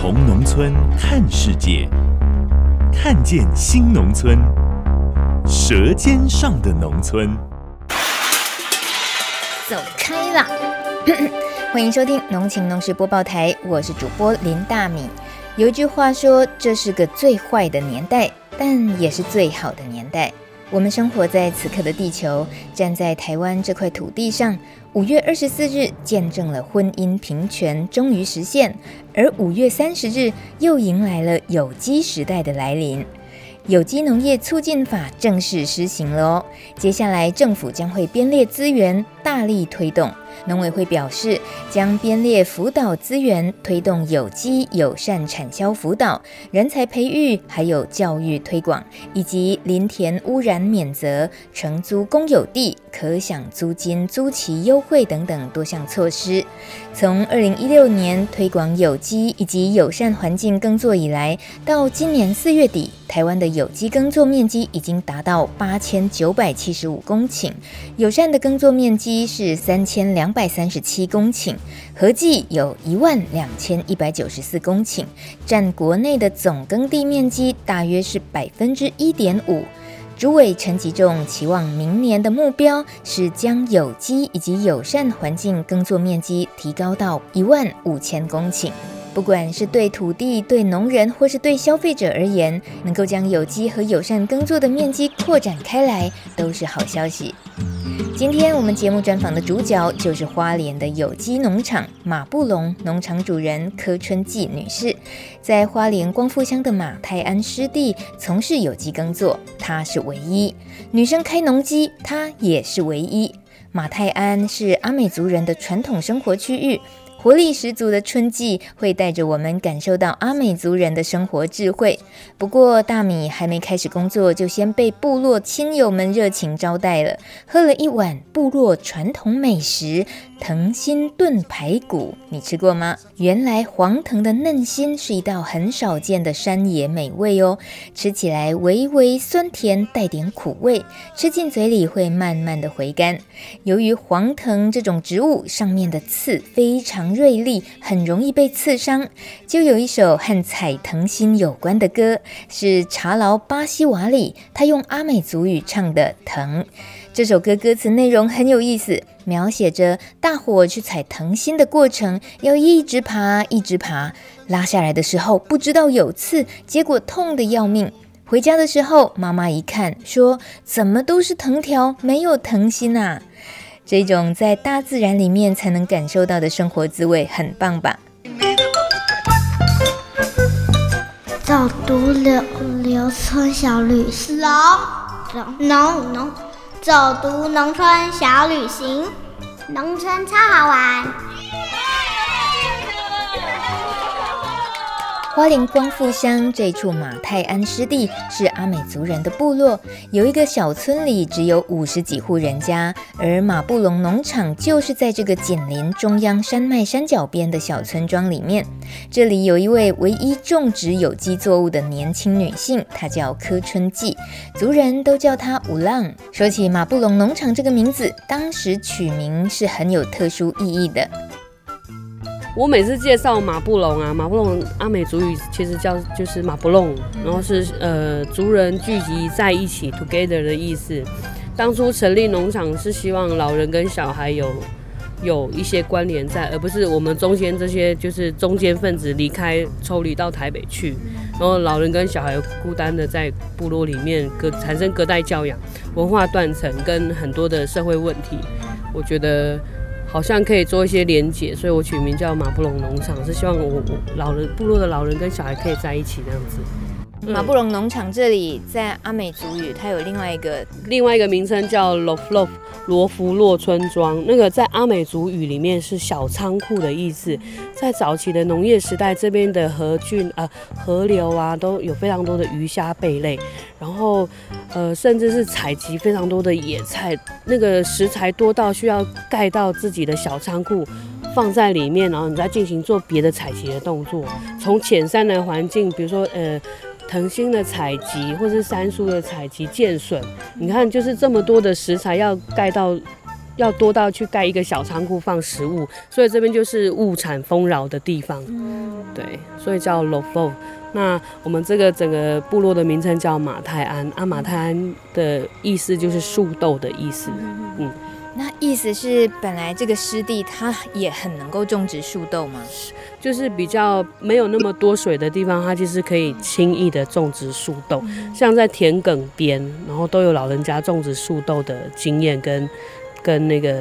從農村看世界，看見新農村，舌尖上的農村。走開啦！ 歡迎收聽《農情農事播報台》，我是主播林大米。有一句話說：“這是個最壞的年代，但也是最好的年代。”我們生活在此刻的地球，站在台灣這塊土地上。五月二十四日，見證了婚姻平權終於實現；而五月三十日，又迎來了有機時代的來臨。有機農業促進法正式施行了哦，接下來政府將會編列資源，大力推動。農委會表示，將編列輔導資源，推動有機友善產銷輔導、人才培育，還有教育推廣，以及林田污染免責、承租公有地可享租金租期優惠等等多項措施。從二零一六年推廣有機以及友善環境耕作以來，到今年四月底，台灣的有機耕作面積已經達到八千九百七十五公頃，友善的耕作面積是三千兩。兩百三十七公頃，合計有一萬兩千一百九十四公頃，占國內的總耕地面積大約是百分之一點五。主委陳吉仲期望明年的目標是將有機以及友善環境耕作面積提高到一萬五千公頃。不管是對土地、對農人或是對消費者而言，能夠將有機和友善耕作的面積擴展開來，都是好消息。今天我們節目專訪的主角就是花蓮的有機農場馬布隆農場主人柯春伎女士，在花蓮光復鄉的馬太鞍濕地從事有機耕作，她是唯一。女生開農機，她也是唯一。馬太鞍是阿美族人的傳統生活區域。活力十足的春伎會帶着我們感受到阿美族人的生活智慧。不過，大米還沒開始工作，就先被部落親友們熱情招待了，喝了一碗部落傳統美食。藤心燉排骨，你吃過嗎？原來黃藤的嫩心是一道很少見的山野美味哦，吃起來微微酸甜，帶點苦味，吃進嘴裡會慢慢的回甘。由於黃藤這種植物上面的刺非常銳利，很容易被刺傷，就有一首和採藤心有關的歌，是查勞·巴西瓦里，他用阿美族語唱的《藤》。這首歌歌詞內容很有意思，描寫着大夥去採藤心的過程，要一直爬，一直爬，拉下來的時候不知道有刺，結果痛得要命。回家的時候，媽媽一看，說怎麼都是藤條，沒有藤心啊！這種在大自然裡面才能感受到的生活滋味，很棒吧？早讀，劉劉村小綠，老老老。走讀農村小旅行，農村超好玩。Yeah! 花蓮光復鄉這處馬太鞍濕地是阿美族人的部落，有一個小村裡只有五十幾戶人家，而馬布隆農場就是在這個緊鄰中央山脈山腳邊的小村莊裡面。這裡有一位唯一種植有機作物的年輕女性，她叫柯春伎，族人都叫她五浪。說起馬布隆農場這個名字，當時取名是很有特殊意義的。我每次介紹瑪布隆啊，瑪布隆阿美族語其實叫就是瑪布隆，然後是呃族人聚集在一起 together 的意思。當初成立農場是希望老人跟小孩有有一些關聯在，而不是我們中間這些就是中間分子離開抽離到台北去，然後老人跟小孩孤單的在部落裡面隔產生隔代教養、文化斷層跟很多的社會問題。我覺得。好像可以做一些連接，所以我取名叫瑪布隆農場，是希望我我老人部落的老人跟小孩可以在一起這樣子。嗯，瑪布隆農場這裡在阿美族語，它有另外一個另外一個名稱叫 Lo Flo。羅浮洛村莊，那個在阿美族語裡面是小倉庫的意思。在早期的農業時代，這邊的河郡啊、呃、河流啊，都有非常多的魚蝦貝類，然後呃，甚至是採集非常多的野菜，那個食材多到需要蓋到自己的小倉庫，放在裡面，然後你再進行做別的採集的動作。從淺山的環境，比如說呃。藤心的採集，或是山蘇的採集、箭筍，你看，就是這麼多的食材，要蓋到，要多到去蓋一個小倉庫放食物，所以這邊就是物產豐饒的地方。嗯，對，所以叫 Lofo。那我們這個整個部落的名稱叫馬太鞍，阿、啊、馬太鞍的意思就是樹豆的意思。嗯。那意思是，本來這個濕地它也很能夠種植樹豆嗎？就是比較沒有那麼多水的地方，它其實可以輕易的種植樹豆。嗯。像在田埂邊，然後都有老人家種植樹豆的經驗跟跟那個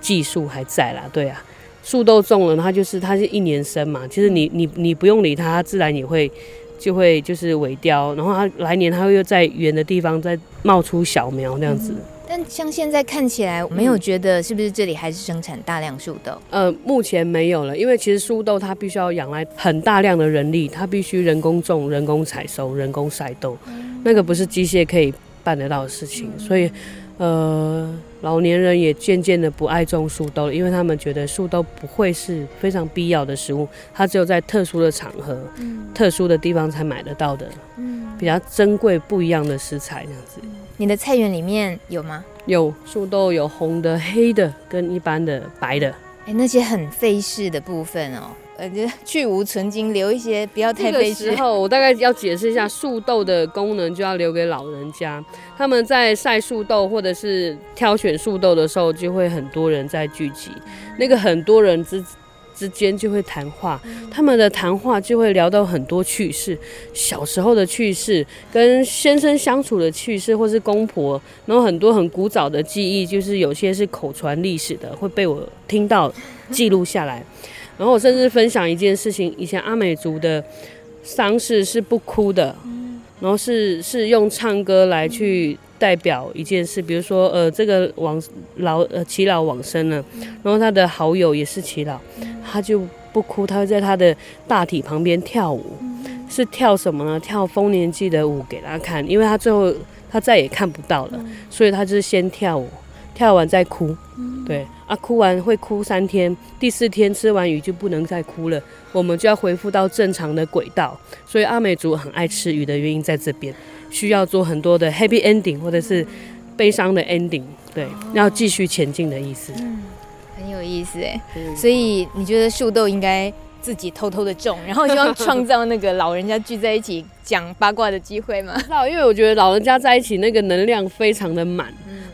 技術還在啦。對啊，樹豆種了，它就是它是一年生嘛，其實你你你不用理它，它自然也會就會就是萎凋，然後它來年它會又在遠的地方再冒出小苗這樣子。嗯但像現在看起來，我沒有覺得是不是這裡還是生產大量樹豆、嗯？呃，目前沒有了，因為其實樹豆它必須要仰賴很大量的人力，它必須人工種、人工採收、人工曬豆，嗯、那個不是機械可以辦得到的事情。嗯、所以，呃，老年人也漸漸的不愛種樹豆了，因為他們覺得樹豆不會是非常必要的食物，它只有在特殊的場合、嗯、特殊的地方才買得到的，嗯、比較珍貴不一樣的食材這樣子。你的菜園裡面有嗎？有樹豆，有紅的、黑的，跟一般的白的。哎、欸，那些很費事的部分哦、喔，呃，就去蕪存菁，留一些不要太費事。這個時候，我大概要解釋一下樹 豆的功能，就要留給老人家。他們在曬樹豆或者是挑選樹豆的時候，就會很多人在聚集。那個很多人之之間就會談話，他們的談話就會聊到很多趣事，小時候的趣事，跟先生相處的趣事，或是公婆，然後很多很古早的記憶，就是有些是口傳歷史的，會被我聽到記錄下來。然後我甚至分享一件事情，以前阿美族的喪事是不哭的，然後是是用唱歌來去。代表一件事，比如說，呃，這個往老呃，耆老往生了，然後他的好友也是耆老，他就不哭，他會在他的大體旁邊跳舞，嗯，是跳什麼呢？跳豐年祭的舞給他看，因為他最後他再也看不到了，嗯，所以他就是先跳舞，跳完再哭，嗯、對，啊，哭完會哭三天，第四天吃完魚就不能再哭了，我們就要恢復到正常的軌道，所以阿美族很愛吃魚的原因在這邊。需要做很多的 happy ending，或者是悲傷的 ending，對，哦、要繼續前進的意思。嗯，很有意思哎，所以你覺得樹豆應該自己偷偷的種，然後希望創造那個老人家聚在一起講八卦的機會嗎？ 因為我覺得老人家在一起那個能量非常的滿，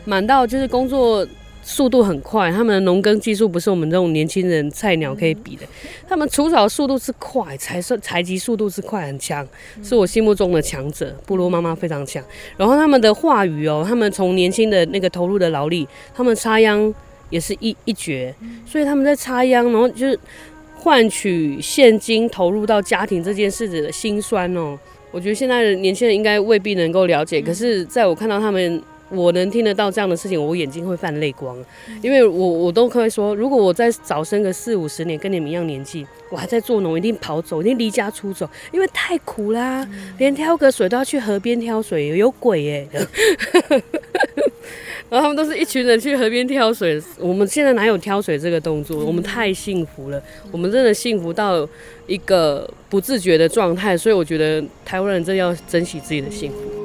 滿、嗯、到就是工作。速度很快，他們的農耕技術不是我們這種年輕人菜鳥可以比的、嗯。他們除草速度是快，採收、採集速度是快，很強、嗯，是我心目中的強者。部落媽媽非常強。然後他們的話語哦、喔，他們從年輕的那個投入的勞力，他們插秧也是一一絕、嗯。所以他們在插秧，然後就是換取現金投入到家庭這件事子的辛酸哦、喔，我覺得現在的年輕人應該未必能夠了解、嗯。可是在我看到他們。我能聽得到這樣的事情，我眼睛會泛淚光，因為我我都可以說，如果我再早生個四五十年，跟你們一樣年紀，我還在做農，一定跑走，一定離家出走，因為太苦啦、啊嗯，連挑個水都要去河邊挑水，有鬼耶！嗯、 然後他們都是一群人去河邊挑水，我們現在哪有挑水這個動作？我們太幸福了，我們真的幸福到一個不自覺的狀態，所以我覺得台灣人真的要珍惜自己的幸福。嗯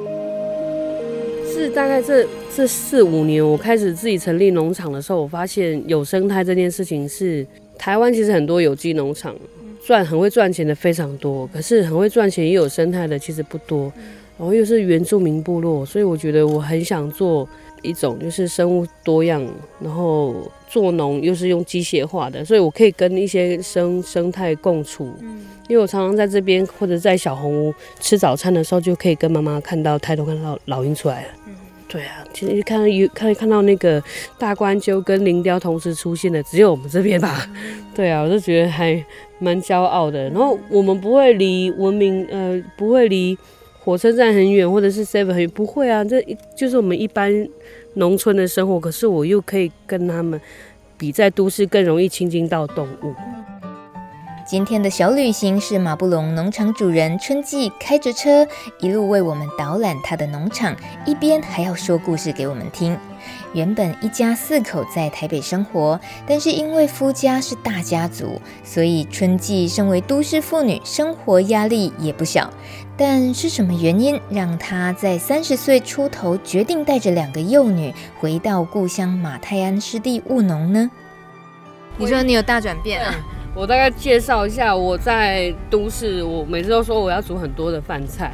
是大概這這四五年，我開始自己成立農場的時候，我發現有生態這件事情是台灣其實很多有機農場賺很會賺錢的非常多，可是很會賺錢也有生態的其實不多，然後又是原住民部落，所以我覺得我很想做。一種就是生物多樣，然後做農又是用機械化的，所以我可以跟一些生生態共處、嗯。因為我常常在這邊或者在小紅屋吃早餐的時候，就可以跟媽媽看到抬頭、看到老鷹出來了。嗯、對啊，其實看有看看到那個大冠鷲跟林雕同時出現的，只有我們這邊吧？對啊，我就覺得還蠻驕傲的。然後我們不會離文明，呃，不會離。火車站很遠，或者是 Seven 很遠，不會啊，這就是我們一般農村的生活。可是我又可以跟他們比，在都市更容易親近到動物。今天的小旅行是馬布隆農場主人春季開着車，一路為我們導覽他的農場，一邊還要說故事給我們聽。原本一家四口在台北生活，但是因為夫家是大家族，所以春伎身為都市婦女，生活壓力也不小。但是什麼原因讓她在三十歲出頭決定帶着兩個幼女回到故鄉馬太鞍濕地務農呢？你說你有大轉變啊？我大概介紹一下，我在都市，我每次都說我要煮很多的飯菜，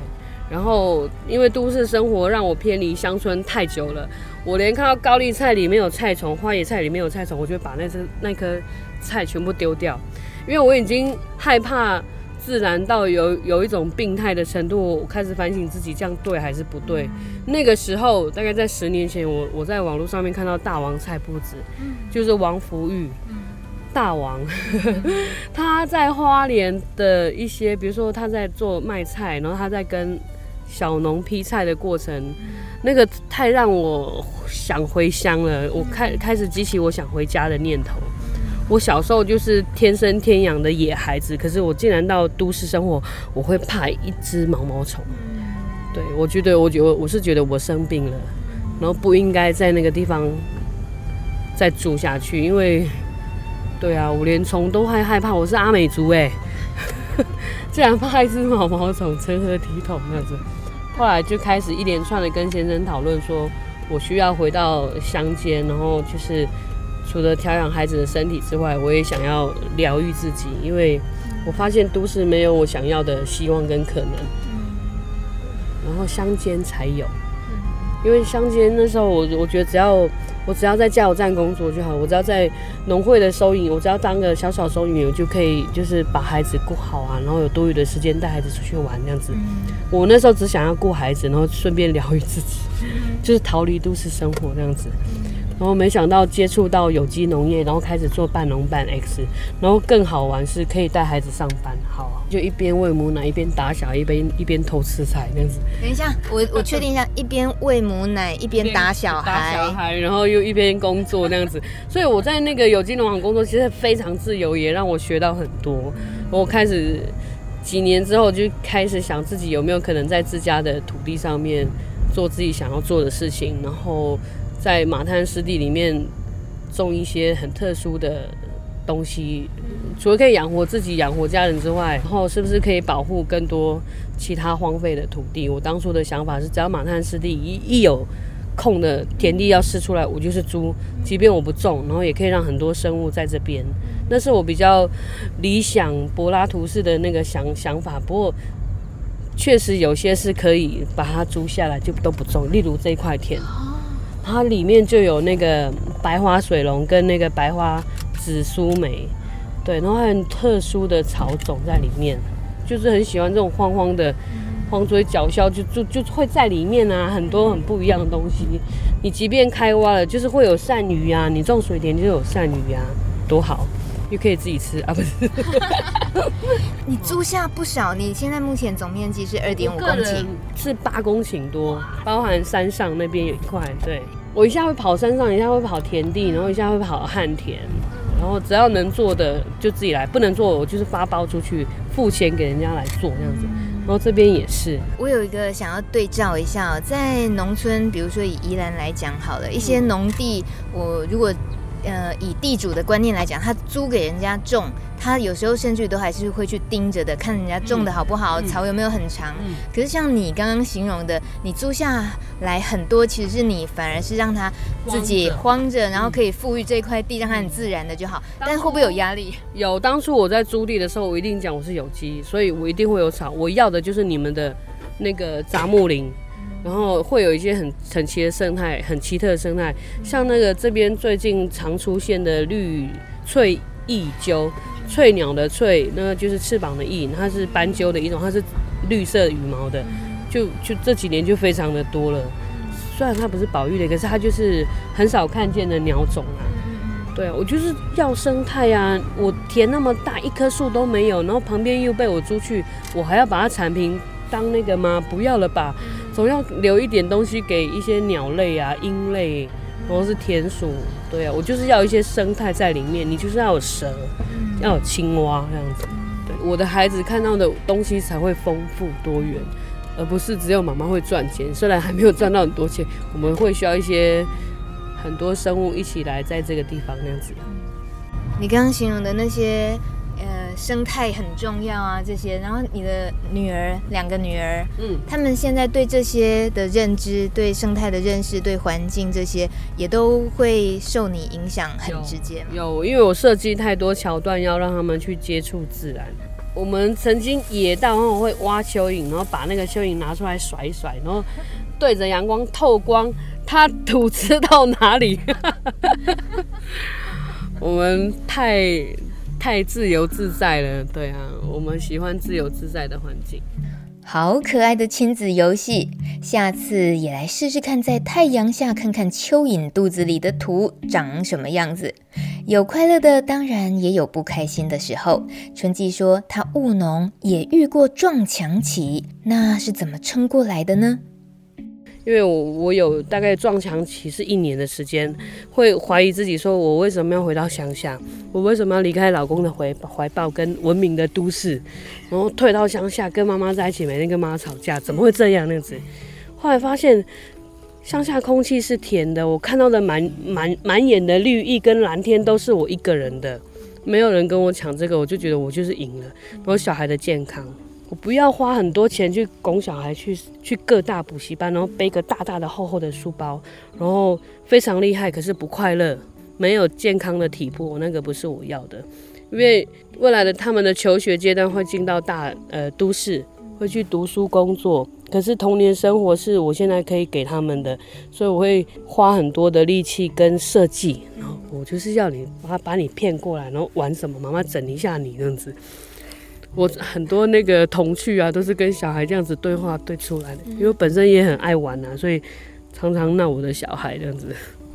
然後因為都市生活讓我偏離鄉村太久了。我連看到高麗菜裡面有菜蟲，花椰菜裡面有菜蟲，我就會把那只那顆菜全部丟掉，因為我已經害怕自然到有有一種病態的程度，我開始反省自己這樣對還是不對。嗯、那個時候大概在十年前，我我在網絡上面看到大王菜鋪子，嗯，就是王福玉，嗯、大王， 他在花蓮的一些，比如說他在做賣菜，然後他在跟。小農劈菜的過程，那個太讓我想回鄉了。我開開始激起我想回家的念頭。我小時候就是天生天養的野孩子，可是我竟然到都市生活，我會怕一隻毛毛蟲。對，我覺得，我覺得我，我是覺得我生病了，然後不應該在那個地方再住下去。因為，對啊，我連蟲都還害怕，我是阿美族哎、欸，竟 然怕一隻毛毛蟲，成何體統？那樣子。後來就開始一連串的跟先生討論，說我需要回到鄉間，然後就是除了調養孩子的身體之外，我也想要療癒自己，因為我發現都市沒有我想要的希望跟可能，嗯，然後鄉間才有，因為鄉間那時候我我覺得只要。我只要在加油站工作就好，我只要在農會的收銀，我只要當個小小收銀，員，我就可以就是把孩子顧好啊，然後有多餘的時間帶孩子出去玩這樣子。嗯、我那時候只想要顧孩子，然後順便療癒自己，就是逃離都市生活這樣子。嗯然後沒想到接觸到有機農業，然後開始做半農半 X，然後更好玩是可以帶孩子上班，好啊，就一邊餵母奶一邊打小，一邊一邊偷吃菜那樣子。等一下，我我確定一下， 一邊餵母奶一邊打小孩，小孩，然後又一邊工作那樣子。 所以我在那個有機農場工作，其實非常自由，也讓我學到很多。我開始幾年之後就開始想自己有沒有可能在自家的土地上面做自己想要做的事情，然後，在馬太鞍濕地裡面種一些很特殊的東西，除了可以養活自己、養活家人之外，然後是不是可以保護更多其他荒廢的土地？我當初的想法是，只要馬太鞍濕地一一有空的田地要釋出來，我就是租，即便我不種，然後也可以讓很多生物在這邊。那是我比較理想柏拉圖式的那個想想法。不過確實有些是可以把它租下來就都不種，例如這一塊田。它裡面就有那個白花水龍跟那個白花紫蘇梅，對，然後還有很特殊的草種在裡面，就是很喜歡這種荒荒的荒，荒水角消就就就會在裡面啊，很多很不一樣的東西。你即便開挖了，就是會有鱔魚啊，你種水田就有鱔魚啊，多好。又可以自己吃啊！不是， 你租下不少，你現在目前總面積是二點五公頃，是八公頃多，包含山上那邊有一塊。對我一下會跑山上，一下會跑田地，然後一下會跑旱田，然後只要能做的就自己來，不能做我就是發包出去，付錢給人家來做這樣子。然後這邊也是，我有一個想要對照一下喔，在農村，比如說以宜蘭來講好了，一些農地，我如果。呃，以地主的觀念來講，他租給人家種，他有時候甚至都還是會去盯着的，看人家種的好不好，嗯，草有沒有很長？嗯、可是像你剛剛形容的，你租下來很多，其實是你反而是讓他自己荒着，然後可以富裕這塊地，嗯，讓它很自然的就好。但會不會有壓力？有，當初我在租地的時候，我一定講我是有機，所以我一定會有草。我要的就是你們的那個雜木林。然後會有一些很很奇的生態，很奇特的生態，像那個這邊最近常出現的綠翠翼鳩，翠鳥的翠，那個就是翅膀的翼，它是斑鳩的一種，它是綠色羽毛的，就就這幾年就非常的多了。雖然它不是保育的，可是它就是很少看見的鳥種啊。對啊，我就是要生態啊！我田那麼大，一棵樹都沒有，然後旁邊又被我租去，我還要把它鏟平當那個嗎？不要了吧。總要留一點東西給一些鳥類啊、鷹類，然後是田鼠，對啊，我就是要一些生態在裡面。你就是要有蛇，要有青蛙這樣子。對，我的孩子看到的東西才會豐富多元，而不是只有媽媽會賺錢。雖然還沒有賺到很多錢，我們會需要一些很多生物一起來在這個地方這樣子。你剛剛形容的那些。生態很重要啊，這些。然後你的女兒，兩個女兒，嗯，他們現在對這些的認知，對生態的認識，對環境這些，也都會受你影響很直接有。有，因為我設計太多橋段要讓他們去接觸自然。我們曾經野，然後會挖蚯蚓，然後把那個蚯蚓拿出來甩一甩，然後對着陽光透光，它吐吃到哪裡？ 我們太。太自由自在了，對啊，我們喜歡自由自在的環境。好可愛的親子遊戲，下次也來試試看，在太陽下看看蚯蚓肚子裡的土長什麼樣子。有快樂的，當然也有不開心的時候。春伎說他務農也遇過撞牆期，那是怎麼撐過來的呢？因為我我有大概撞牆其實一年的時間，會懷疑自己，說我為什麼要回到鄉下，我為什麼要離開老公的懷懷抱跟文明的都市，然後退到鄉下跟媽媽在一起，每天跟媽媽吵架，怎麼會這樣那樣子？後來發現鄉下空氣是甜的，我看到的滿滿滿眼的綠意跟藍天都是我一個人的，沒有人跟我搶這個，我就覺得我就是贏了。我小孩的健康。我不要花很多錢去供小孩去去各大補習班，然後背個大大的厚厚的書包，然後非常厲害，可是不快樂，沒有健康的體魄，那個不是我要的。因為未來的他們的求學階段會進到大呃都市，會去讀書工作，可是童年生活是我現在可以給他們的，所以我會花很多的力氣跟設計，然後我就是要你媽媽把，把你騙過來，然後玩什麼，媽媽整一下你這樣子。我很多那個童趣啊，都是跟小孩這樣子對話對出來的，嗯。因為本身也很愛玩啊，所以常常鬧我的小孩這樣子。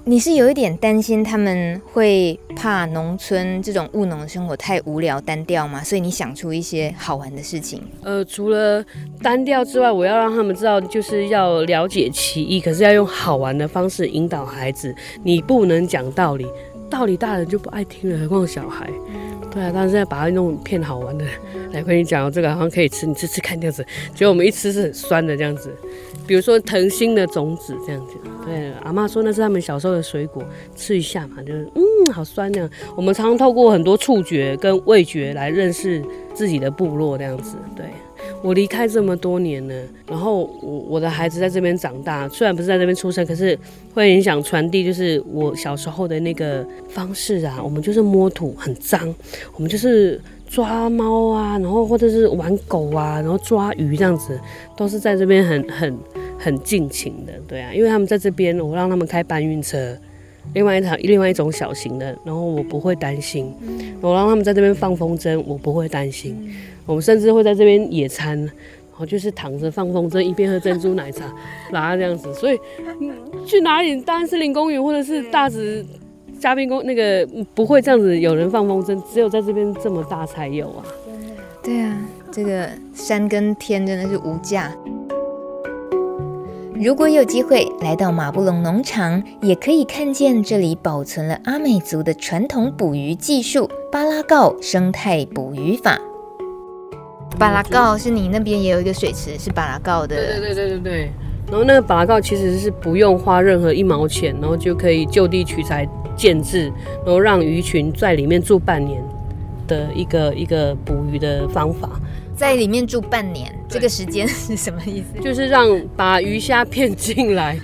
你是有一點擔心他們會怕農村這種務農生活太無聊單調嗎？所以你想出一些好玩的事情？呃，除了單調之外，我要讓他們知道，就是要了解其意，可是要用好玩的方式引導孩子。你不能講道理，道理大人就不愛聽了，何況小孩。對啊，但是現在把它弄片好玩的，來，我跟你講，這個好像可以吃，你吃吃看這樣子。結果我們一吃是很酸的這樣子。比如說藤心的種子這樣子，對，阿嬤說那是他們小時候的水果，吃一下嘛，就是嗯，好酸那樣。我們常常透過很多觸覺跟味覺來認識自己的部落這樣子，對。我離開這麼多年了，然後我我的孩子在這邊長大，雖然不是在這邊出生，可是會影響傳遞，就是我小時候的那個方式啊。我們就是摸土很髒，我們就是抓貓啊，然後或者是玩狗啊，然後抓魚這樣子，都是在這邊很很很盡情的，對啊，因為他們在這邊，我讓他們開搬運車。另外一場，另外一種小型的，然後我不會擔心。我、嗯、讓他們在這邊放風箏，我不會擔心、嗯。我們甚至會在這邊野餐，然後就是躺着放風箏，一邊喝珍珠奶茶，拿 這樣子。所以去哪裡，大安森林公園或者是大直嘉賓公那個，不會這樣子有人放風箏，只有在這邊這麼大才有啊。對啊，這個山跟天真的是無價。如果有機會來到瑪布隆農場，也可以看見這裡保存了阿美族的傳統捕魚技術——巴拉告生態捕魚法。巴拉告，是你那邊也有一個水池是巴拉告的？對對對對對。然後那個巴拉告其實是不用花任何一毛錢，然後就可以就地取材建制，然後讓魚群在裡面住半年的一個一個捕魚的方法。在裡面住半年，這個時間是什麼意思？就是讓把魚蝦騙進來。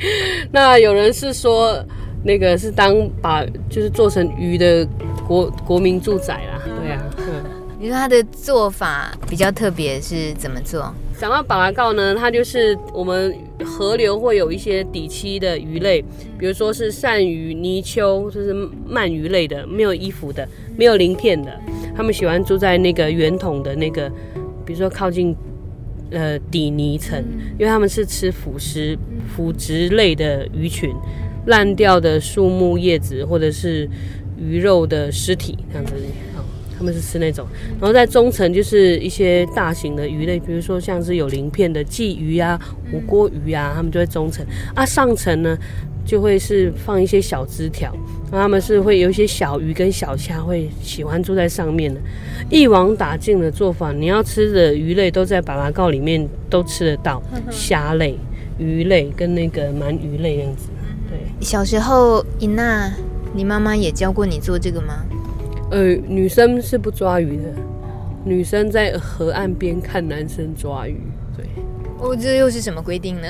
那有人是說，那個是當把就是做成魚的國國民住宅啦。對啊、嗯，你說它的做法比較特別，是怎麼做？想到巴拉告呢，它就是我們河流會有一些底棲的魚類，比如說是鱔魚、泥鰍，就是鰻魚類的，沒有衣服的，沒有鱗片的，他們喜歡住在那個圓筒的那個。比如說靠近，呃底泥層，因為他們是吃腐食、腐殖類的魚群，爛掉的樹木葉子或者是魚肉的屍體這樣子。哦、他們是吃那種。然後在中層就是一些大型的魚類，比如說像是有鱗片的鯽魚啊、吳郭魚啊，他們就在中層。啊，上層呢？就會是放一些小枝條，那他們是會有一些小魚跟小蝦會喜歡住在上面的。一網打盡的做法，你要吃的魚類都在巴拉告裡面都吃得到，呵呵，蝦類、魚類跟那個鰻魚類樣子。對，小時候伊娜，你媽媽也教過你做這個嗎？呃，女生是不抓魚的，女生在河岸邊看男生抓魚。哦，這又是什麼規定呢？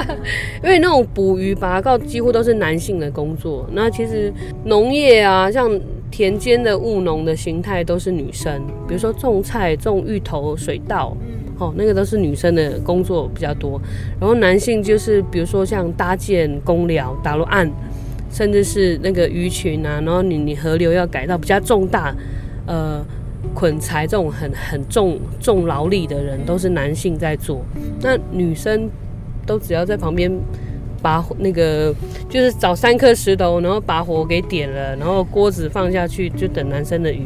因為那種捕魚、巴拉告幾乎都是男性的工作。那其實農業啊，像田間的務農的形態都是女生，比如說種菜、種芋頭、水稻，嗯，哦，那個都是女生的工作比較多。然後男性就是，比如說像搭建工寮、達魯岸，甚至是那個魚群啊，然後你你河流要改造比較重大，呃。捆柴這種很很重重勞力的人都是男性在做，那女生都只要在旁邊把那個就是找三顆石頭，然後把火給點了，然後鍋子放下去，就等男生的魚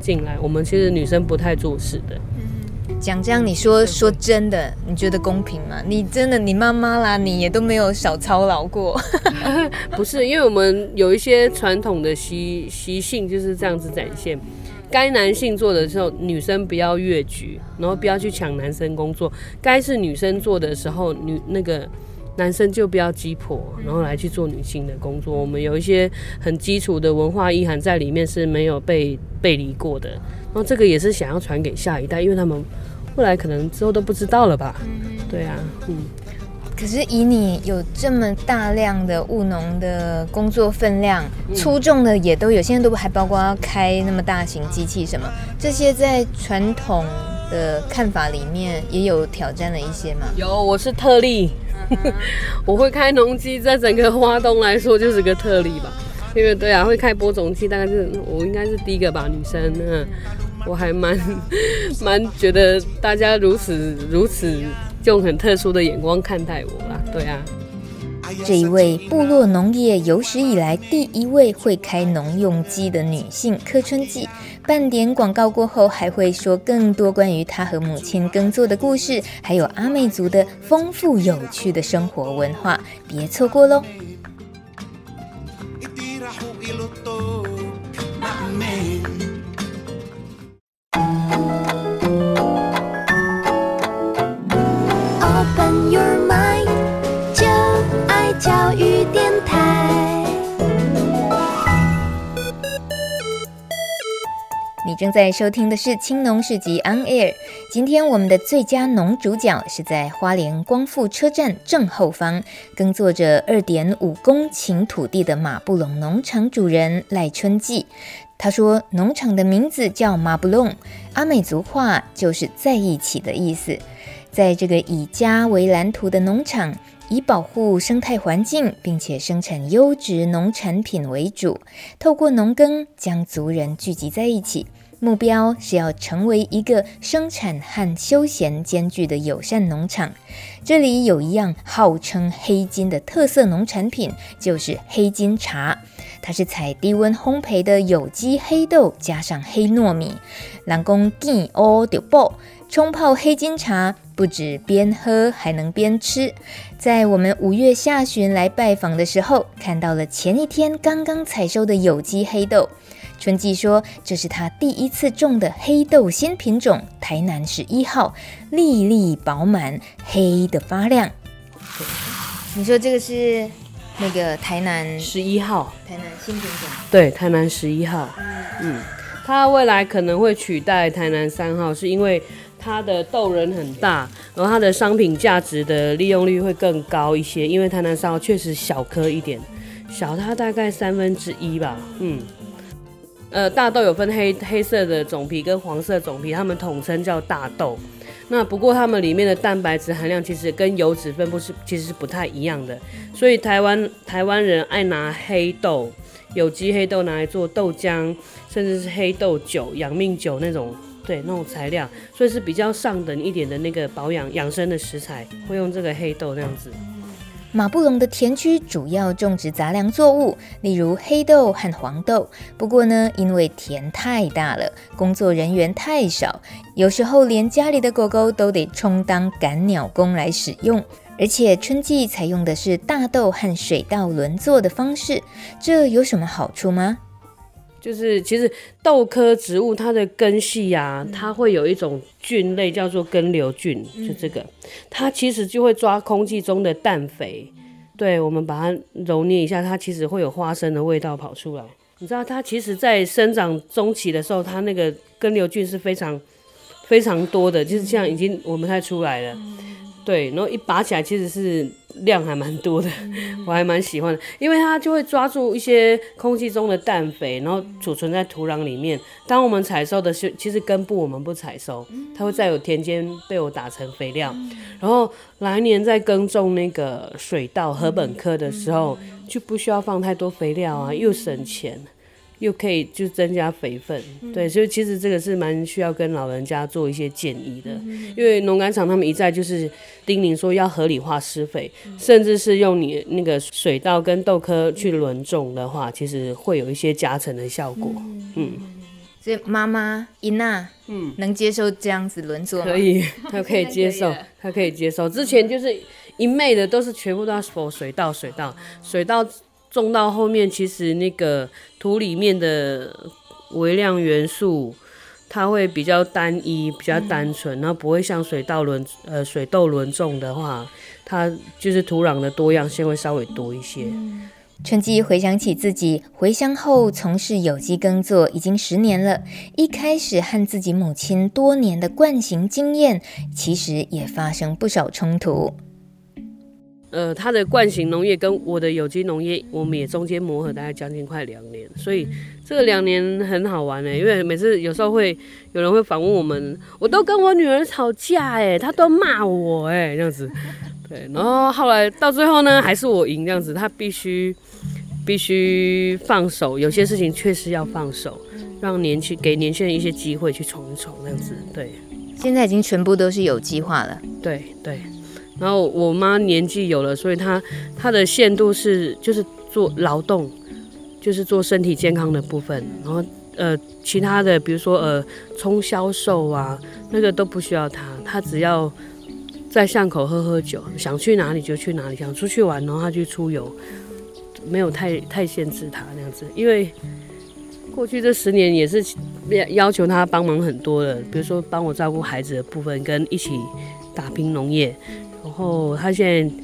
進來。我們其實女生不太做事的。講、嗯、講你說說真的，你覺得公平嗎？你真的你媽媽啦，你也都沒有少操勞過、 啊。不是，因為我們有一些傳統的習習性就是這樣子展現。該男性做的時候，女生不要越矩，然後不要去搶男生工作；該是女生做的時候，女那個男生就不要雞婆，然後來去做女性的工作。我們有一些很基礎的文化意涵在裡面是沒有被背離過的，然後這個也是想要傳給下一代，因為他們未來可能之後都不知道了吧。對啊，嗯。可是以你有這麼大量的務農的工作分量，粗、嗯、重的也都有，現在都還包括要開那麼大型機器什麼，這些在傳統的看法裡面也有挑戰了一些嘛？有，我是特例， 我會開農機，在整個花東來說就是個特例吧。因為對啊，會開播種機，大概是我應該是第一個吧，女生，嗯，我還蠻蠻覺得大家如此如此。用很特殊的眼光看待我啦、啊，對啊。這一位部落農業有史以來第一位會開農用機的女性柯春伎，半點廣告過後還會說更多關於她和母親耕作的故事，還有阿美族的豐富有趣的生活文化，別錯過嘍。正在收聽的是《青農市集》On Air。今天我們的最佳農主角是在花蓮光復車站正後方耕作着二點五公頃土地的瑪布隆農場主人柯春伎。他說：“農場的名字叫瑪布隆，阿美族話就是在一起的意思。在這個以家為藍圖的農場，以保護生態環境並且生產優質農產品為主，透過農耕將族人聚集在一起。”目標是要成為一個生產和休閒兼具的友善農場。這裡有一樣號稱黑金的特色農產品，就是黑金茶。它是採低溫烘焙的有機黑豆加上黑糯米，Lang Gong Gin O Do Bo。沖泡黑金茶不止邊喝還能邊吃。在我們五月下旬來拜訪的時候，看到了前一天剛剛採收的有機黑豆。春伎說：“這是他第一次種的黑豆新品種，台南十一號，粒粒飽滿，黑的發亮。Okay. ”你說這個是那個台南十一號？台南新品種？對，台南十一號。嗯，它、嗯、未來可能會取代台南三號，是因為它的豆仁很大，然後它的商品價值的利用率會更高一些。因為台南三號確實小顆一點，小它大概三分之一吧。嗯。呃，大豆有分黑黑色的種皮跟黃色種皮，它們統稱叫大豆。那不過它們裡面的蛋白質含量其實跟油脂分布是其實是不太一樣的，所以台灣台灣人愛拿黑豆，有機黑豆拿來做豆漿，甚至是黑豆酒、養命酒那種，對那種材料，所以是比較上等一點的那個保養養生的食材，會用這個黑豆這樣子。瑪布隆的田區主要種植雜糧作物，例如黑豆和黃豆。不過呢，因爲田太大了，工作人員太少，有時候連家裏的狗狗都得充當趕鳥工來使用。而且春伎採用的是大豆和水稻輪作的方式，這有什麼好處嗎？就是其實豆科植物它的根系啊，它會有一種菌類叫做根瘤菌，就這個，它其實就會抓空氣中的氮肥。對，我們把它揉捏一下，它其實會有花生的味道跑出來。你知道它其實，在生長中期的時候，它那個根瘤菌是非常非常多的，就是像已經我們才出來了，對，然後一拔起來，其實是。量還蠻多的，我還蠻喜歡的，因為它就會抓住一些空氣中的氮肥，然後儲存在土壤裡面。當我們採收的時候，其實根部我們不採收，它會在有田間被我打成肥料，然後來年再耕種那個水稻禾本科的時候，就不需要放太多肥料啊，又省錢。又可以就增加肥分，嗯，對，所以其實這個是蠻需要跟老人家做一些建議的，嗯、因為農改場他們一再就是叮嚀說要合理化施肥，嗯，甚至是用你那個水稻跟豆科去輪種的話，嗯，其實會有一些加成的效果。嗯，嗯嗯，所以媽媽伊娜，嗯，能接受這樣子輪作嗎？可以，她可以接受，她可以接受。之前就是一味的都是全部都是水、水稻，水稻，嗯、水稻。種到後面，其實那個土裡面的微量元素，它會比較單一、比較單純，然後不會像水稻輪、呃，水豆輪種的話，它就是土壤的多樣性會稍微多一些。嗯。春伎回想起自己回鄉後從事有機耕作已經十年了，一開始和自己母親多年的慣行經驗，其實也發生不少衝突。呃，他的慣行農業跟我的有機農業，我們也中間磨合大概將近快兩年，所以這兩年很好玩呢、欸，因為每次有時候會有人會訪問我們，我都跟我女兒吵架哎、欸，她都罵我哎、欸、這樣子，對，然後後來到最後呢，還是我贏這樣子，她必須必須放手，有些事情確實要放手，讓年輕給年輕人一些機會去闖一闖這樣子，對，現在已經全部都是有機化了，對對。然後我媽年紀有了，所以她她的限度是就是做勞動，就是做身體健康的部分。然後呃，其他的比如說呃，衝銷售啊，那個都不需要她。她只要在巷口喝喝酒，想去哪裡就去哪裡，想出去玩然後她去出遊，沒有太太限制她那樣子。因為過去這十年也是要要求她幫忙很多的，比如說幫我照顧孩子的部分，跟一起打拼農業。然、oh，後他現在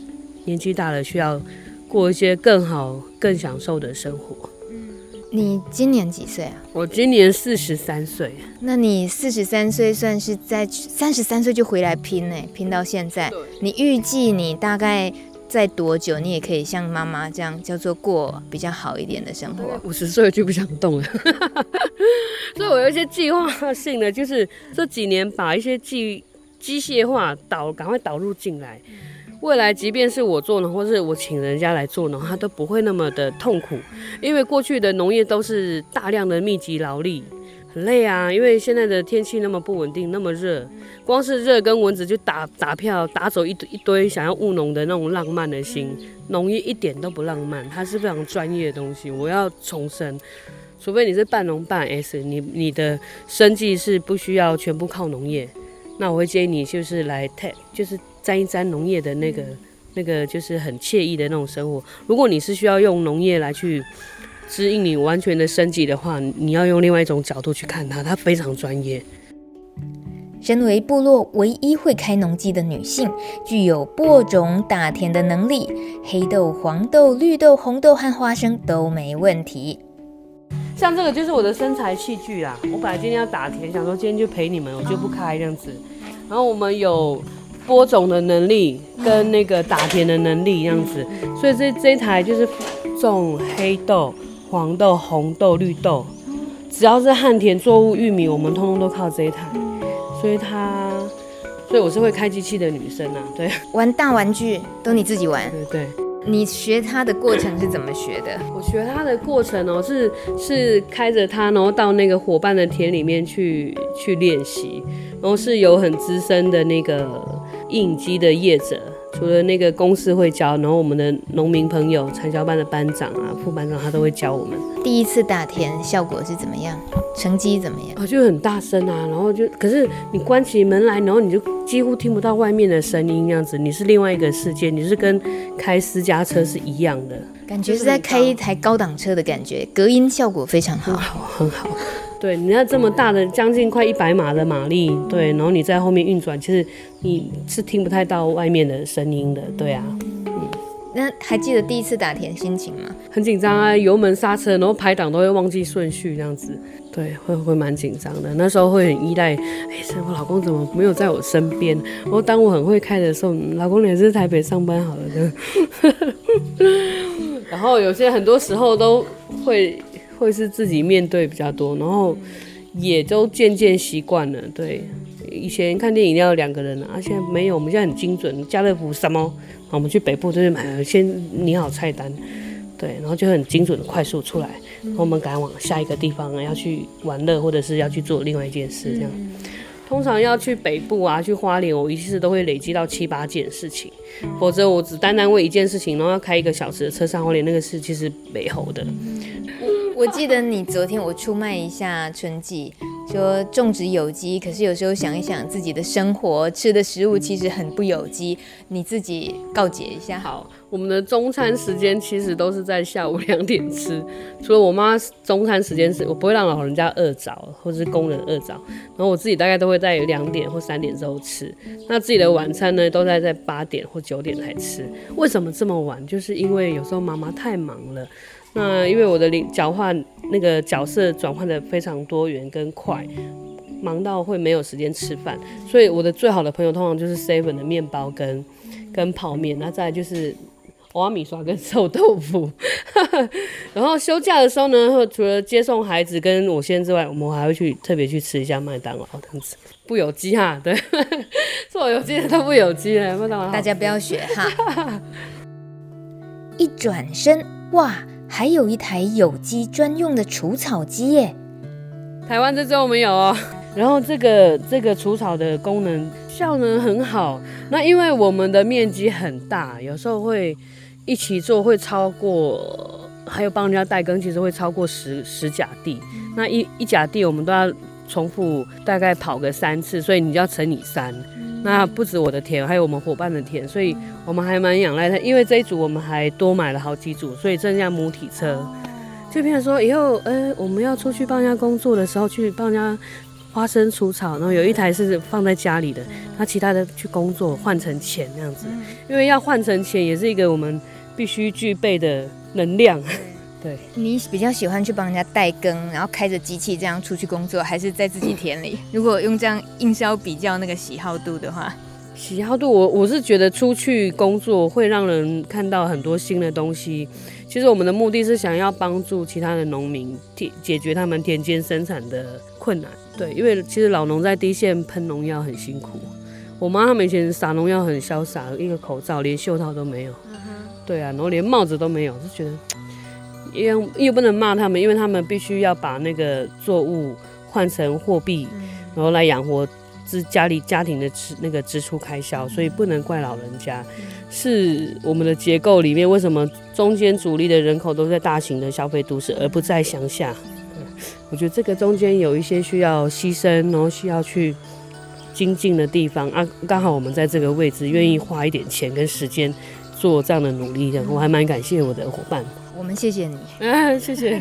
年紀大了，需要過一些更好、更享受的生活。嗯，你今年幾歲啊？我今年四十三歲。那你四十三歲算是在三十三歲就回來拼呢？拼到現在，你預計你大概在多久，你也可以像媽媽這樣叫做過比較好一點的生活？五十歲就不想動了。 所以，我有一些計劃性的，就是這幾年把一些技術。機械化導，趕快導入進來。未來即便是我做農，或是我請人家來做農，他都不會那麼的痛苦，因為過去的農業都是大量的密集勞力，很累啊。因為現在的天氣那麼不穩定，那麼熱，光是熱跟蚊子就打打票打走一一堆想要務農的那種浪漫的心。農業一點都不浪漫，它是非常專業的東西。我要重生，除非你是半農半 S，你你的生計是不需要全部靠農業。那我會建議你就是來太就是沾一沾農業的那個那個就是很愜意的那種生活。如果你是需要用農業來去，指引你完全的生計的話，你要用另外一種角度去看它，它非常專業。身為部落唯一會開農機的女性，具有播種打田的能力，黑豆、黃豆、綠豆、紅豆和花生都沒問題。像這個就是我的生財器具啊。我本來今天要打田，想說今天就陪你們，我就不開這樣子。然後我們有播種的能力，跟那個打田的能力，樣子，所以這這一台就是種黑豆、黃豆、紅豆、綠豆，只要是旱田作物，玉米，我們通通都靠這一台。嗯。所以他，所以我是會開機器的女生啊，對，玩大玩具都你自己玩。對對。你學它的過程是怎麼學的？我學它的過程哦、喔，是是開着它，然後到那個夥伴的田裡面去去練習，然後是有很資深的那個農機的業者。除了那個公司會教，然後我們的農民朋友、產銷班的班長啊、副班長，他都會教我們。第一次打田效果是怎麼樣？成績怎麼樣？啊、哦，就很大聲啊，然後就可是你關起門來，然後你就幾乎聽不到外面的聲音，這樣子你是另外一個世界，你是跟開私家車是一樣的、嗯，感覺是在開一台高檔車的感覺，隔音效果非常好，很好。 對，你要這麼大的，嗯、將近快一百碼的馬力，對，然後你在後面運轉，其實你是聽不太到外面的聲音的，對啊，嗯。那還記得第一次打田心情嗎？很緊張啊，油門剎車，然後排檔都會忘記順序這樣子，對，會會蠻緊張的。那時候會很依賴，哎、欸，我老公怎麼沒有在我身邊？然後當我很會開的時候，老公也是台北上班好了的。就 然後有些很多時候都會。會是自己面對比較多，然後也都漸漸習慣了。對，以前看電影要有兩個人，啊，現在沒有，我們現在很精準。家樂福什麼，我們去北部就是買了，先擬好菜單，對，然後就很精準的快速出來，然後我們趕往下一個地方要去玩樂，或者是要去做另外一件事這樣。通常要去北部啊，去花蓮，我一次都會累積到七八件事情，否則我只單單為一件事情，然後要開一個小時的車上花蓮，那個事其實美好的。我記得你昨天，我出賣一下春伎，說種植有機，可是有時候想一想自己的生活，吃的食物其實很不有機。你自己告解一下好。我們的中餐時間其實都是在下午兩點吃，除了我媽中餐時間是，我不會讓老人家餓著、或是工人餓著。然後我自己大概都會在兩點或三點之後吃。那自己的晚餐呢，都在在八點或九點才吃。為什麼這麼晚？就是因為有時候媽媽太忙了。那因為我的領轉那個角色轉換的非常多元跟快，忙到會沒有時間吃飯，所以我的最好的朋友通常就是 seven 的麵包跟跟泡麵，那再來就是瓦米刷跟臭豆腐。 然後休假的時候呢，除了接送孩子跟我先生之外，我們還會去特別去吃一下麥當勞這樣子，不有機哈，對， 做有機的都不有機了麥當勞。大家不要學哈， 一轉身哇。還有一台有機專用的除草機耶，台灣這周我們有哦。然後這個這個除草的功能效能很好。那因為我們的面積很大，有時候會一起做會超過，還有幫人家代耕，其實會超過十十甲地。那一一甲地我們都要重複大概跑個三次，所以你要乘以三。那不止我的田，還有我們夥伴的田，所以我們還蠻仰賴它。因為這一組我們還多買了好幾組，所以這一輛母體車，就變成說以後，嗯、欸、我們要出去幫人家工作的時候，去幫人家花生除草，然後有一台是放在家裡的，那其他的去工作換成錢這樣子，因為要換成錢也是一個我們必須具備的能量。對，你比較喜歡去幫人家代耕，然後開着機器這樣出去工作，還是在自己田裡？如果用這樣硬銷比較那個喜好度的話，喜好度我我是覺得出去工作會讓人看到很多新的東西。其實我們的目的是想要幫助其他的農民，解解決他們田間生產的困難。對，因為其實老農在低線噴農藥很辛苦。我媽他們以前撒農藥很瀟灑，一個口罩連袖套都沒有。Uh -huh. 對啊，然後連帽子都沒有，就覺得。因為又不能罵他們，因為他們必須要把那個作物換成貨幣，然後來養活自家裡家庭的支那個支出開銷，所以不能怪老人家。是我們的結構裡面，為什麼中間主力的人口都在大型的消費都市，而不在鄉下？我覺得這個中間有一些需要犧牲，然後需要去精進的地方啊。剛好我們在這個位置，願意花一點錢跟時間做這樣的努力，這樣我還蠻感謝我的夥伴。我們謝謝你，啊，謝謝，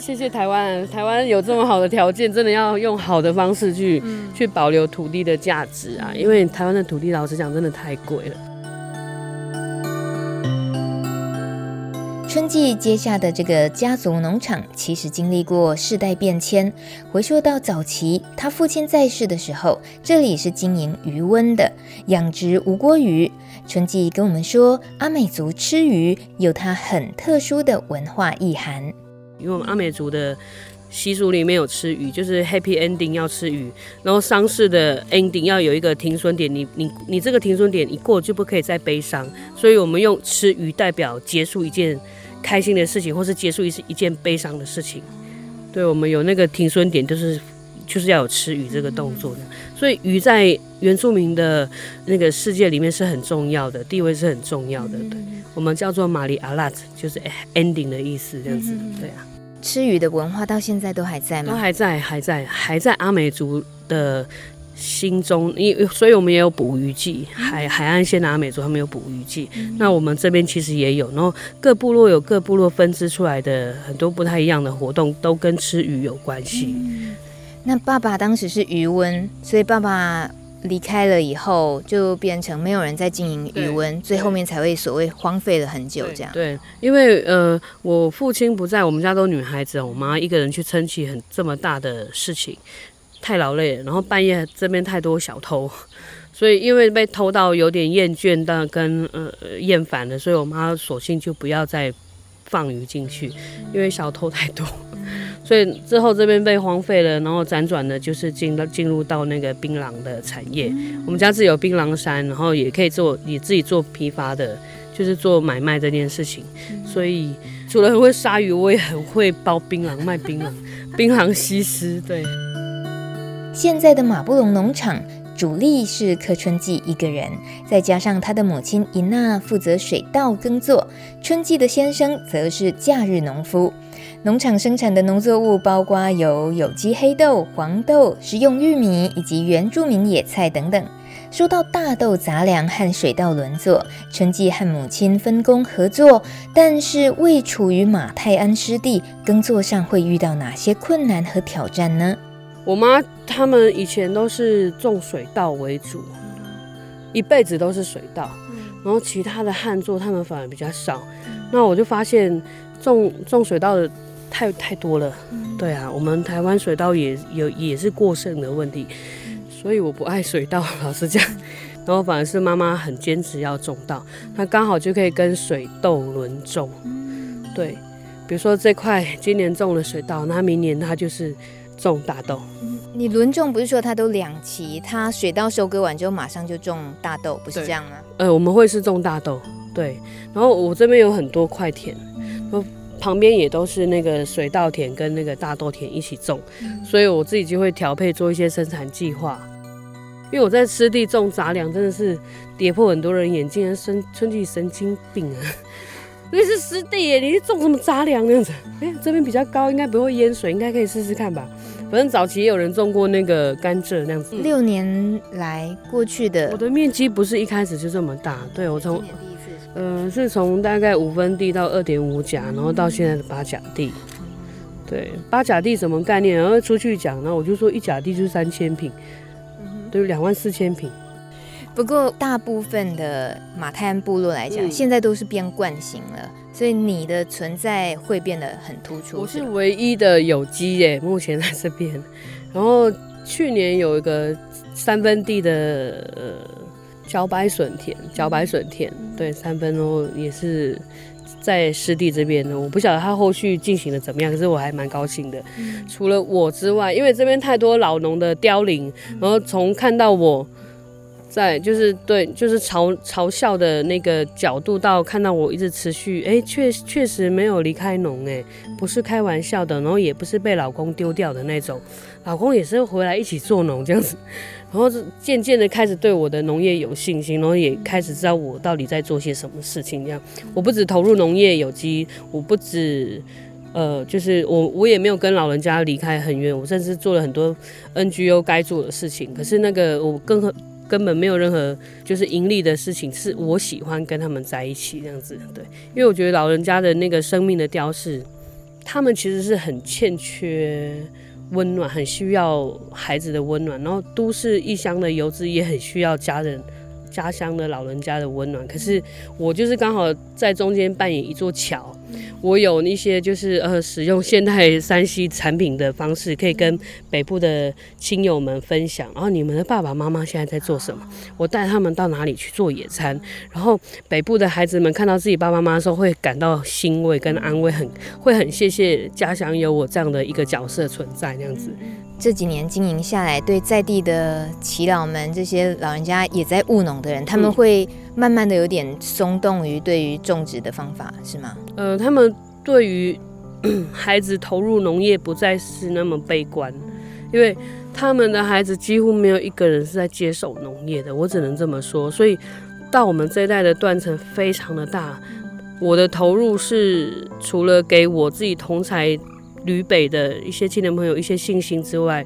謝謝台灣。台灣有這麼好的條件，真的要用好的方式去，嗯，去保留土地的價值啊，因為台灣的土地，老實講，真的太貴了。春伎接下的這個家族農場，其實經歷過世代變遷。回溯到早期，他父親在世的時候，這裡是經營魚塭的養殖吳郭魚。春伎跟我們說，阿美族吃魚有它很特殊的文化意涵。因為我們阿美族的習俗裡面有吃魚，就是 Happy Ending 要吃魚，然後喪事的 Ending 要有一個停損點，你你你這個停損點一過就不可以再悲傷，所以我們用吃魚代表結束一件。開心的事情，或是結束一一件悲傷的事情，對我們有那個停頓點，就是就是要有吃魚這個動作的，嗯。所以魚在原住民的那個世界裡面是很重要的，地位是很重要的。對、嗯、我們叫做馬里阿拉，就是 ending 的意思，這樣子，嗯。對啊，吃魚的文化到現在都還在嗎？都還在，還在，還在阿美族的心中，因為所以我們也有捕魚季，海、嗯、海岸線的阿美族他們有捕魚季、嗯，那我們這邊其實也有，然後各部落有各部落分支出來的很多不太一樣的活動，都跟吃魚有關係。嗯、那爸爸當時是魚塭，所以爸爸離開了以後，就變成沒有人在經營魚塭，最後面才會所謂荒廢了很久這樣。對，對，因為呃，我父親不在，我們家都女孩子，我媽一個人去撐起很這麼大的事情。太勞累了，然後半夜這邊太多小偷，所以因為被偷到有點厭倦的跟呃厭煩了，所以我媽索性就不要再放魚進去，因為小偷太多，所以之後這邊被荒廢了，然後輾轉的就是進到進入到那個檳榔的產業，嗯、我們家自己有檳榔山，然後也可以做也自己做批發的，就是做買賣這件事情，嗯、所以除了會殺魚，我也很會包檳榔賣檳榔，檳榔， 檳榔西施，對。現在的瑪布隆農場主力是柯春伎一個人，再加上他的母親伊娜負責水稻耕作，春伎的先生則是假日農夫。農場生產的農作物包括有有機黑豆、黃豆、食用玉米以及原住民野菜等等。說到大豆雜糧和水稻輪作，春伎和母親分工合作，但是未處於馬太鞍濕地，耕作上會遇到哪些困難和挑戰呢？我媽他們以前都是種水稻為主，一輩子都是水稻，然後其他的旱作他們反而比較少。那我就發現種種水稻的太太多了。對啊，我們台灣水稻也也也是過剩的問題，所以我不愛水稻，老實講。然後反而是媽媽很堅持要種稻，那剛好就可以跟水稻輪種。對，比如說這塊今年種了水稻，那明年它就是。種大豆，嗯、你輪種不是說它都兩期，它水稻收割完之後馬上就種大豆，不是這樣嗎？呃，我們會是種大豆，對。然後我這邊有很多塊田，然後旁邊也都是那個水稻田跟那個大豆田一起種，嗯、所以我自己就會調配做一些生產計劃。因為我在濕地種雜糧，真的是跌破很多人眼鏡，生春伎神經病啊！那是濕地耶，你是種什麼雜糧那樣子？哎、欸，這邊比較高，應該不會淹水，應該可以試試看吧。反正早期也有人種過那個甘蔗，那樣子。六年來過去的，我的面積不是一開始就這麼大，對，我從，嗯、呃，是從大概五分地到二點五甲，然後到現在的八甲地。對，八甲地什麼概念？然後出去講呢，然後我就說一甲地就是三千坪，對，兩萬四千坪。不過，大部分的馬太鞍部落來講、嗯，現在都是變慣行了，所以你的存在會變得很突出是不是？我是唯一的有機耶、欸，目前在這邊。然後去年有一個三分地的呃、茭白筍田，茭白筍田、嗯、對三分哦，也是在濕地這邊的。我不曉得他後續進行的怎麼樣，可是我還蠻高興的、嗯。除了我之外，因為這邊太多老農的凋零，然後從看到我。在就是對，就是嘲嘲笑的那個角度，到看到我一直持續，哎、欸，確確實沒有離開農，誒，不是開玩笑的，然後也不是被老公丟掉的那種，老公也是回來一起做農這樣子，然後就漸漸的開始對我的農業有信心，然後也開始知道我到底在做些什麼事情。這樣，我不只投入農業有機，我不只，呃，就是我我也沒有跟老人家離開很遠，我甚至做了很多 NGO 該做的事情。可是那個我更根本沒有任何就是盈利的事情，是我喜歡跟他們在一起這樣子，對，因為我覺得老人家的那個生命的雕飾，他們其實是很欠缺溫暖，很需要孩子的溫暖，然後都市異鄉的游子也很需要家人。家鄉的老人家的溫暖，可是我就是剛好在中間扮演一座橋。我有一些就是呃，使用現代 3C 產品的方式，可以跟北部的親友們分享。然後你們的爸爸媽媽現在在做什麼？我帶他們到哪裡去做野餐，然後北部的孩子們看到自己爸爸媽媽的時候，會感到欣慰跟安慰，很會很謝謝家鄉有我這樣的一個角色存在，那樣子。這幾年經營下來，對在地的耆老們這些老人家也在務農的人，嗯，他們會慢慢的有點鬆動於對於種植的方法，是嗎？呃，他們對於孩子投入農業不再是那麼悲觀，因為他們的孩子幾乎沒有一個人是在接手農業的，我只能這麼說。所以到我們這一代的斷層非常的大。我的投入是除了給我自己同才。旅北的一些青年朋友一些信心之外，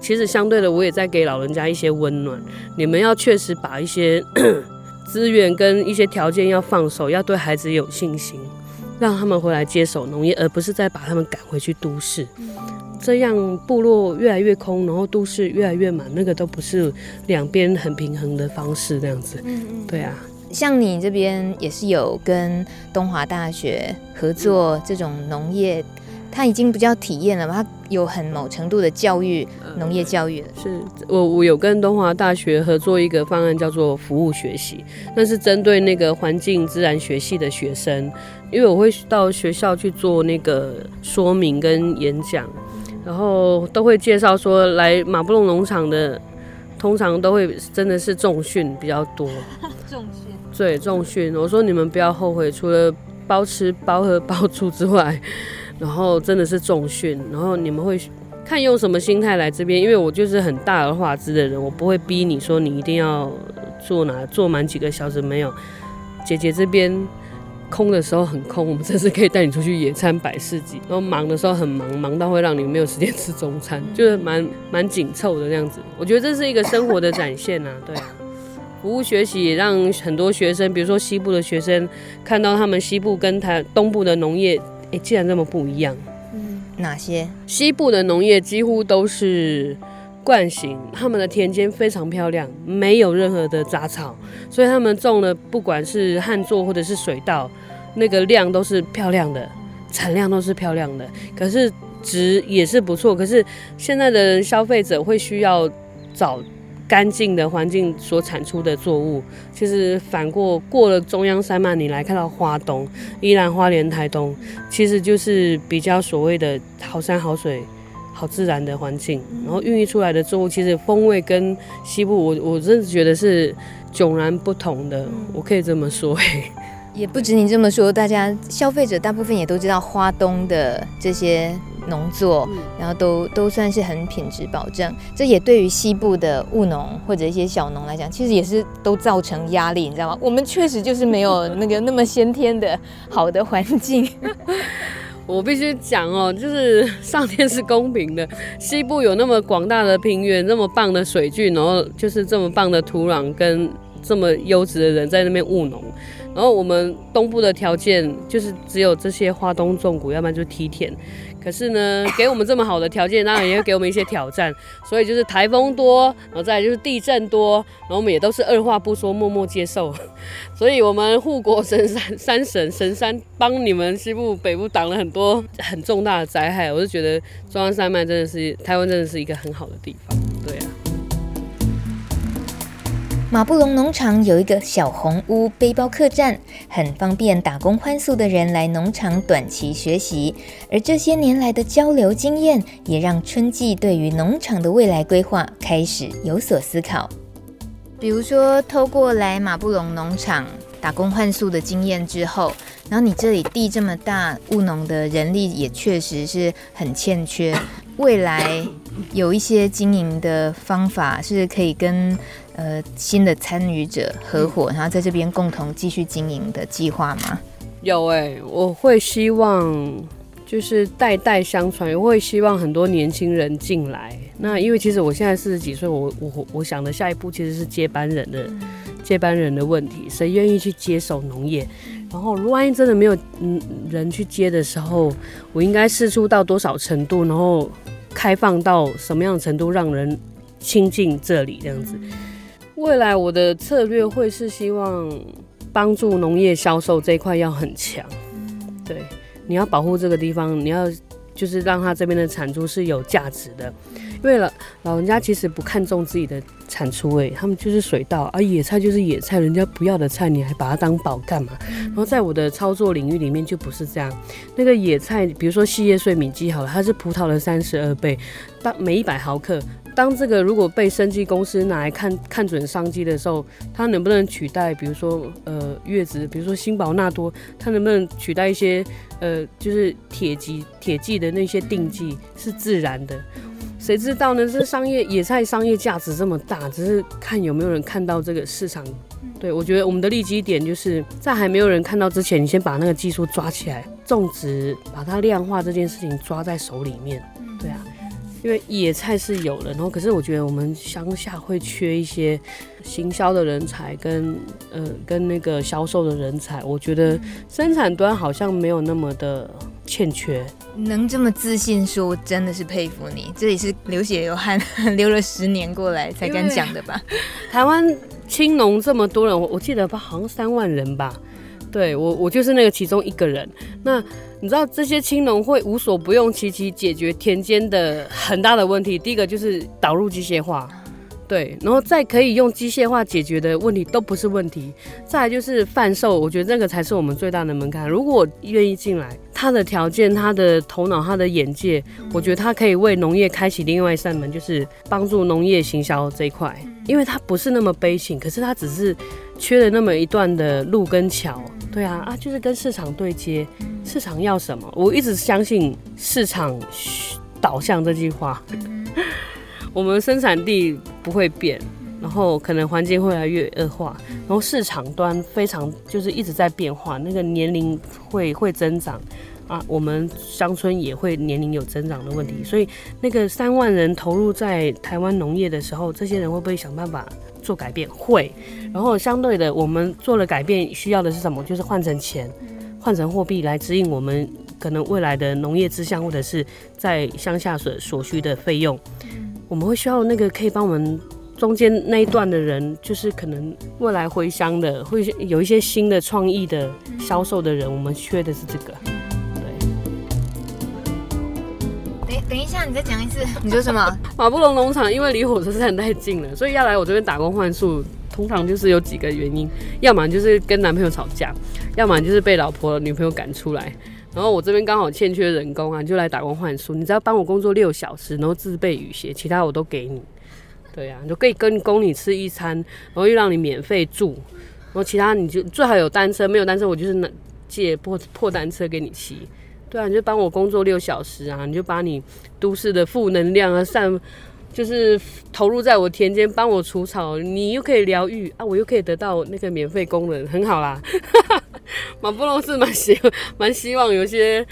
其實相對的我也在給老人家一些溫暖。你們要確實把一些資 源跟一些條件要放手，要對孩子有信心，讓他們回來接手農業，而不是再把他們趕回去都市。這樣部落越來越空，然後都市越來越滿，那個都不是兩邊很平衡的方式。這樣子，對啊。像你這邊也是有跟東華大學合作這種農業。他已經比較體驗了，他有很某程度的教育農業教育。呃，是我我有跟東華大學合作一個方案，叫做服務學習，那是針對那個環境自然學系的學生，因為我會到學校去做那個說明跟演講，然後都會介紹說來馬布隆農場的，通常都會真的是重訓比較多。 重訓？對，重訓，我說你們不要後悔，除了包吃包喝包住之外。然後真的是重訓，然後你們會看用什麼心態來這邊，因為我就是很大而化之的人，我不會逼你說你一定要做哪做滿幾個小時。沒有，姐姐這邊空的時候很空，我們這次可以帶你出去野餐擺市集；然後忙的時候很忙，忙到會讓你沒有時間吃中餐，就是蠻蠻緊湊的這樣子。我覺得這是一個生活的展現呐、啊，對。服務學習也讓很多學生，比如說西部的學生，看到他們西部跟台東部的農業。誒，既然這麼不一樣，嗯，哪些？西部的農業幾乎都是慣行，他們的田間非常漂亮，沒有任何的雜草，所以他們種的不管是旱作或者是水稻，那個量都是漂亮的，產量都是漂亮的。可是值也是不錯，可是現在的人消費者會需要找乾淨的環境所產出的作物，其實反過過了中央山脈，你來看到花東、宜蘭花蓮、台東，其實就是比較所謂的好山好水、好自然的環境，然後孕育出來的作物，其實風味跟西部我，我我真的覺得是迥然不同的，我可以這麼說。也不止你這麼說，大家消費者大部分也都知道花東的這些農作，然後都都算是很品質保證。這也對於西部的務農或者一些小農來講，其實也是都造成壓力，你知道嗎？我們確實就是沒有那個那麼先天的好的環境。 我必須講哦，就是上天是公平的，西部有那麼廣大的平原，那麼棒的水具，然後就是這麼棒的土壤跟這麼優質的人在那邊務農。然後我們東部的條件就是只有這些花東縱谷，要不然就是梯田。可是呢，給我們這麼好的條件，當然也會給我們一些挑戰。所以就是台風多，然後再就是地震多，然後我們也都是二話不說，默默接受。所以我們護國神山、山神、神山幫你們西部、北部擋了很多很重大的災害。我就覺得中央山脈真的是台灣，真的是一個很好的地方。對啊。瑪布隆農場有一個小紅屋背包客棧，很方便打工換宿的人來農場短期學習。而這些年來的交流經驗，也讓春伎對於農場的未來規劃開始有所思考。比如說，透過來瑪布隆農場打工換宿的經驗之後，然後你這裡地這麼大，務農的人力也確實是很欠缺。未來有一些經營的方法是可以跟，呃，新的參與者合夥、嗯，然後在這邊共同繼續經營的計劃嗎？有哎、欸，我會希望就是代代相傳，也會希望很多年輕人進來。那因為其實我現在四十幾歲，我我我想的下一步其實是接班人的、嗯、接班人的問題，誰願意去接手農業、嗯？然後萬一真的沒有嗯人去接的時候，我應該釋出到多少程度，然後開放到什麼樣的程度，讓人親近這裡這樣子。未來我的策略會是希望幫助農業銷售這一塊要很強，對，你要保護這個地方，你要就是讓它這邊的產出是有價值的，因為老老人家其實不看重自己的產出誒、欸，他們就是水稻，而、啊、野菜就是野菜，人家不要的菜你還把它當寶幹嘛？然後在我的操作領域裡面就不是這樣，那個野菜比如說細葉碎米薺好了，它是葡萄的三十二倍，當每一百毫克。當這個如果被生技公司拿來看，看準商機的時候，它能不能取代，比如說呃月子，比如說新寶納多，它能不能取代一些呃就是鐵劑鐵劑的那些錠劑是自然的，誰知道呢？這商業野菜，商業價值這麼大，只是看有沒有人看到這個市場。對，我覺得我們的利基點就是在還沒有人看到之前，你先把那個技術抓起來，種植，把它量化這件事情抓在手裡面。對啊。因為野菜是有的，然後可是，我覺得我們鄉下會缺一些行銷的人才跟呃跟那個銷售的人才，我覺得生產端好像沒有那麼的欠缺。能這麼自信說，我真的是佩服你，這裡是流血流汗流了十年過來才敢講的吧？台灣青農這麼多人，我我記得吧，好像三萬人吧。對我，我就是那個其中一個人。那你知道這些青農會無所不用其極解決田間的很大的問題。第一個就是導入機械化，對，然後再可以用機械化解決的問題都不是問題。再來就是販售，我覺得那個才是我們最大的門檻。如果我願意進來，他的條件、他的頭腦、他的眼界，我覺得他可以為農業開啟另外一扇門，就是幫助農業行銷這一塊，因為他不是那麼悲情，可是他只是。缺了那麼一段的路跟橋，對啊啊，就是跟市場對接，市場要什麼，我一直相信市場導向這句話。 我們生產地不會變，然後可能環境會越來越惡化，然後市場端非常就是一直在變化，那個年齡會會增長啊，我們鄉村也會年齡有增長的問題，所以那個三萬人投入在台灣農業的時候，這些人會不會想辦法？做改變會，然後相對的，我們做了改變，需要的是什麼？就是換成錢，換成貨幣來指引我們可能未來的農業之項，或者是在鄉下所所需的費用。嗯。我們會需要那個可以幫我們中間那一段的人，就是可能未來回鄉的，會有一些新的創意的銷售的人，我們缺的是這個。等一下，你再講一次。你說什麼？馬布隆農場因為離火車站太近了，所以要來我這邊打工換宿，通常就是有幾個原因：要麼就是跟男朋友吵架，要麼就是被老婆、女朋友趕出來。然後我這邊剛好欠缺人工啊，就來打工換宿。你只要幫我工作六小時，然後自備雨鞋，其他我都給你。對啊，就可以跟供你吃一餐，然後又讓你免費住，然後其他你就最好有單車，沒有單車我就是借破破單車給你騎。對啊，你就幫我工作六小時啊！你就把你都市的負能量啊，散就是投入在我田間，幫我除草，你又可以療癒啊，我又可以得到那個免費工人，很好啦。馬布隆是蠻希蠻希望有些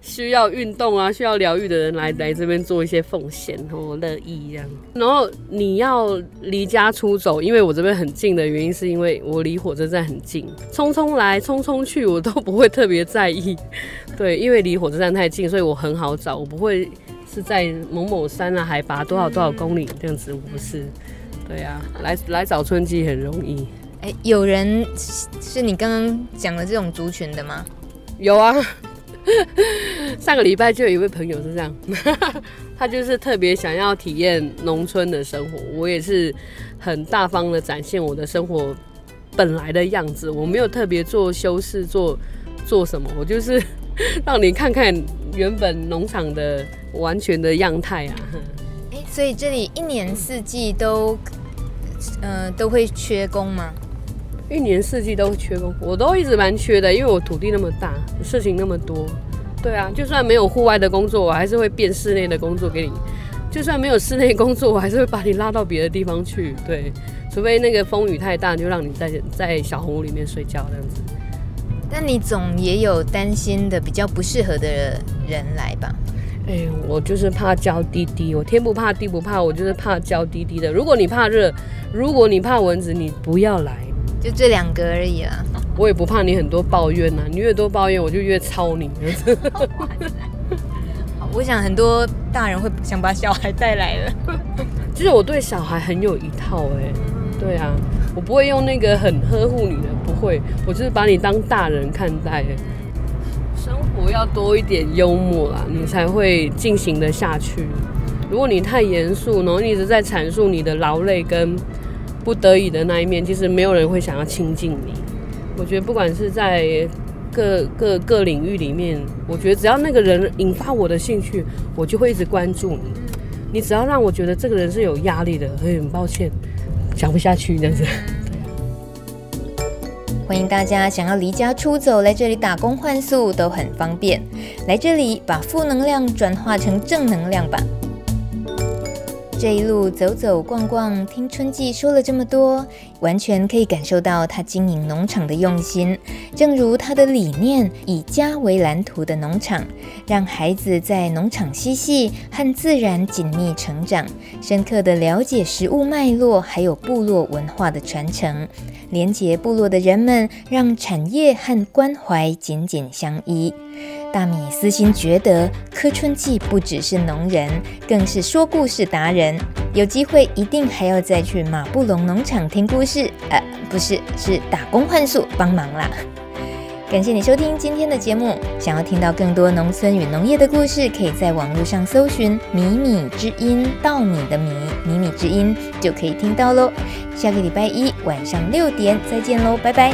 需要運動啊、需要療癒的人來來這邊做一些奉獻，我樂意這樣。然後你要離家出走，因為我這邊很近的原因，是因為我離火車站很近，匆匆來，匆匆去，我都不會特別在意。對，因為離火車站太近，所以我很好找。我不會是在某某山啊，海拔多少多少公里這樣子，嗯、我不是。對啊，來來找春伎很容易。哎、欸，有人是你剛剛講的這種族群的嗎？有啊，呵呵上個禮拜就有一位朋友是這樣，呵呵他就是特別想要體驗農村的生活。我也是很大方的展現我的生活本來的樣子，我沒有特別做修飾，做做什麼，我就是。 讓你看看原本農場的完全的樣態啊！誒，所以這裡一年四季都、呃都會缺工嗎？一年四季都缺工，我都一直蠻缺的，因為我土地那麼大，事情那麼多。對啊，就算沒有戶外的工作，我還是會變室內的工作給你；就算沒有室內工作，我還是會把你拉到別的地方去。對，除非那個風雨太大，就讓你在在小紅屋裡面睡覺這樣子。但你總也有擔心的比較不適合的人來吧？哎、欸，我就是怕嬌滴滴，我天不怕地不怕，我就是怕嬌滴滴的。如果你怕熱，如果你怕蚊子，你不要來，就這兩個而已啦、啊。我也不怕你很多抱怨吶、啊，你越多抱怨，我就越操你。 我想很多大人會想把小孩帶來了，就 是我對小孩很有一套哎、欸。對啊。我不會用那個很呵護你的，不會，我就是把你當大人看待。生活要多一點幽默啊，你才會進行得下去。如果你太嚴肅，然後你一直在闡述你的勞累跟不得已的那一面，其實沒有人會想要親近你。我覺得不管是在各各各領域裡面，我覺得只要那個人引發我的興趣，我就會一直關注你。你只要讓我覺得這個人是有壓力的，欸，很抱歉。講不下去這樣子，啊、歡迎大家想要離家出走，來這裡打工換宿都很方便。來這裡把負能量轉化成正能量吧。這一路走走逛逛，聽春伎說了這麼多，完全可以感受到她經營農場的用心。正如她的理念，以家為藍圖的農場，讓孩子在農場嬉戲和自然緊密成長，深刻地了解食物脈絡，還有部落文化的傳承。連結部落的人們，讓產業和關懷緊緊相依。大米私心覺得柯春伎不只是農人，更是說故事達人。有機會一定還要再去瑪布隆農場聽故事。呃，不是，是打工換宿幫忙啦。感謝你收聽今天的節目。想要聽到更多農村與農業的故事，可以在網絡上搜尋“米米之音”、“稻米的米”、“米米之音”就可以聽到嘍。下個禮拜一晚上六點再見嘍，拜拜。